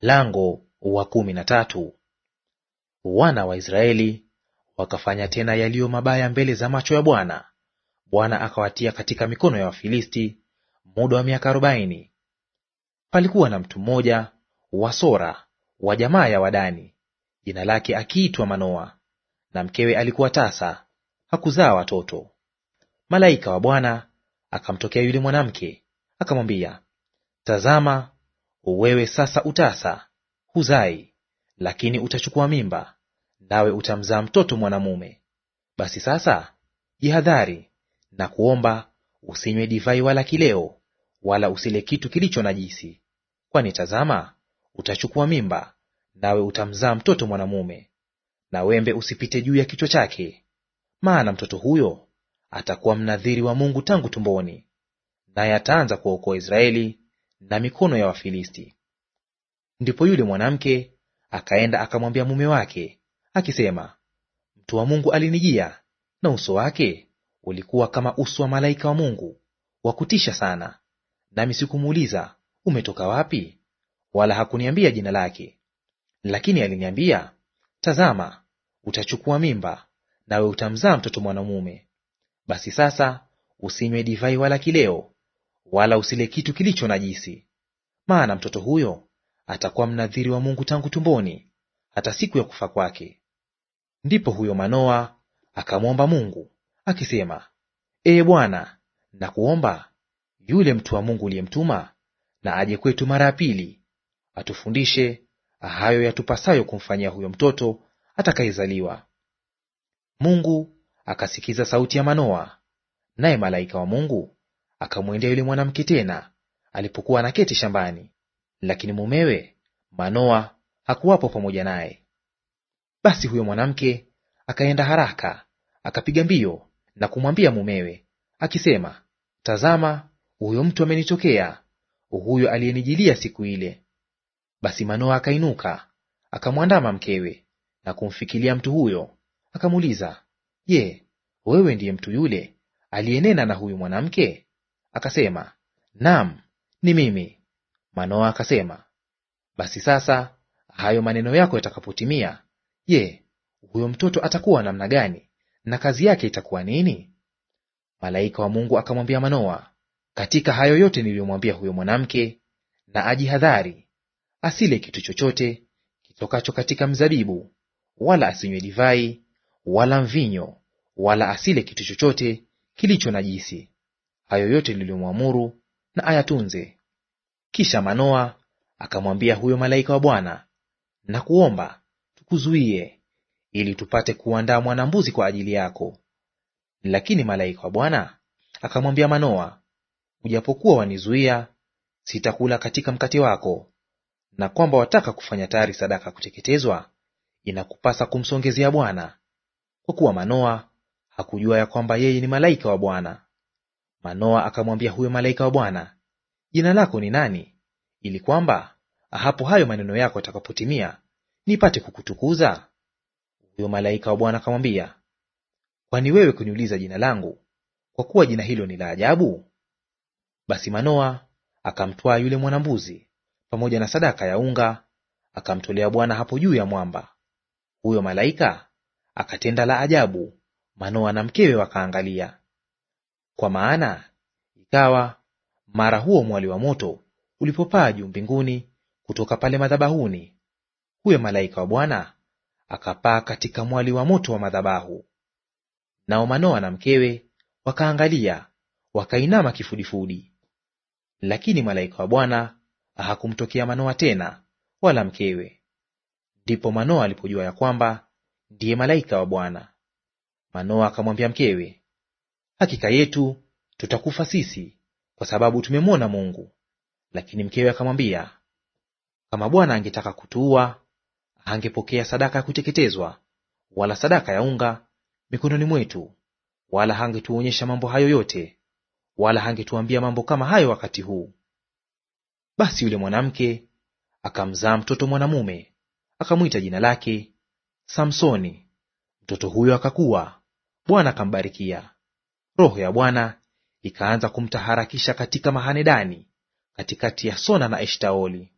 Lango wa kumi na tatu. Wana wa Israeli wakafanya tena yaliyo mabaya mbele za macho ya Bwana. Bwana akawatia katika mikono ya Wafilisti muda wa miaka arobaini. Palikuwa na mtu mmoja wa Sora wa jamaa ya Wadani, jina lake akiitwa Manoa, na mkewe alikuwa tasa, hakuzaa watoto. Malaika wa Bwana akamtokea yule mwanamke akamwambia, tazama, wewe sasa utasa, huzai, lakini utachukua mimba, nawe utamzaa mtoto mwanamume. Basi sasa jihadhari na kuomba, usinywe divai wala kileo, wala usile kitu kilicho najisi, kwani tazama, utachukua mimba, nawe utamzaa mtoto mwanamume, na wembe usipite juu ya kichwa chake, maana mtoto huyo atakuwa mnadhiri wa Mungu tangu tumboni, naye ataanza kuwaokoa Israeli na mikono ya Wafilisti. Ndipo yule mwanamke akaenda akamwambia mume wake akisema, mtu wa Mungu alinijia, na uso wake ulikuwa kama uso wa malaika wa Mungu, wa kutisha sana. Nami sikumuuliza umetoka wapi, wala hakuniambia jina lake. Lakini aliniambia, tazama, utachukua mimba, nawe utamzaa mtoto mwanamume. Basi sasa usinywe divai wala kileo, wala usile kitu kilicho najisi, maana mtoto huyo atakuwa mnadhiri wa Mungu tangu tumboni hata siku ya kufa kwake. Ndipo huyo Manoa akamwomba Mungu akisema, Ee Bwana, nakuomba yule mtu wa Mungu uliyemtuma na aje kwetu mara ya pili, atufundishe hayo yatupasayo kumfanyia huyo mtoto atakayezaliwa. Mungu akasikiza sauti ya Manoa, naye malaika wa Mungu akamwendea yule mwanamke tena alipokuwa anaketi shambani, lakini mumewe Manoa hakuwapo pamoja naye. Basi huyo mwanamke akaenda haraka akapiga mbio na kumwambia mumewe akisema, tazama, huyo mtu amenitokea, huyo aliyenijilia siku ile. Basi Manoa akainuka akamwandama mkewe na kumfikilia mtu huyo, akamuuliza, Je, wewe ndiye mtu yule aliyenena na huyu mwanamke? Akasema, naam, ni mimi. Manoa akasema, basi sasa hayo maneno yako yatakapotimia, je, huyo mtoto atakuwa namna gani na kazi yake itakuwa nini? Malaika wa Mungu akamwambia Manoa, katika hayo yote niliyomwambia huyo mwanamke, na ajihadhari asile kitu chochote kitokacho katika mzabibu, wala asinywe divai wala mvinyo, wala asile kitu chochote kilicho najisi hayo yote niliyomwamuru na ayatunze. Kisha Manoa akamwambia huyo malaika wa Bwana, na kuomba tukuzuie, ili tupate kuandaa mwana-mbuzi kwa ajili yako. Lakini malaika wa Bwana akamwambia Manoa, ujapokuwa wanizuia, sitakula katika mkate wako, na kwamba wataka kufanya tayari sadaka ya kuteketezwa, inakupasa kumsongezea Bwana, kwa kuwa Manoa hakujua ya kwamba yeye ni malaika wa Bwana. Manoa akamwambia huyo malaika wa Bwana, jina lako ni nani, ili kwamba hapo hayo maneno yako atakapotimia nipate kukutukuza? Huyo malaika wa Bwana akamwambia, kwani wewe kuniuliza jina langu, kwa kuwa jina hilo ni la ajabu? Basi Manoa akamtwaa yule mwanambuzi pamoja na sadaka ya unga, akamtolea Bwana hapo juu ya mwamba. Huyo malaika akatenda la ajabu, Manoa na mkewe wakaangalia. Kwa maana ikawa mara huo mwali wa moto ulipopaa juu mbinguni kutoka pale madhabahuni, huyo malaika wa Bwana akapaa katika mwali wa moto wa madhabahu. Nao Manoa na mkewe wakaangalia, wakainama kifudifudi. Lakini malaika wa Bwana hakumtokea Manoa tena, wala mkewe. Ndipo Manoa alipojua ya kwamba ndiye malaika wa Bwana. Manoa akamwambia mkewe, hakika yetu tutakufa sisi, kwa sababu tumemwona Mungu. Lakini mkewe akamwambia, kama Bwana angetaka kutuua, hangepokea sadaka ya kuteketezwa wala sadaka ya unga mikononi mwetu, wala hangetuonyesha mambo hayo yote, wala hangetuambia mambo kama hayo wakati huu. Basi yule mwanamke akamzaa mtoto mwanamume, akamwita jina lake Samsoni. Mtoto huyo akakua, Bwana akambarikia. Roho ya Bwana ikaanza kumtaharakisha katika mahanedani katikati ya Sona na Eshtaoli.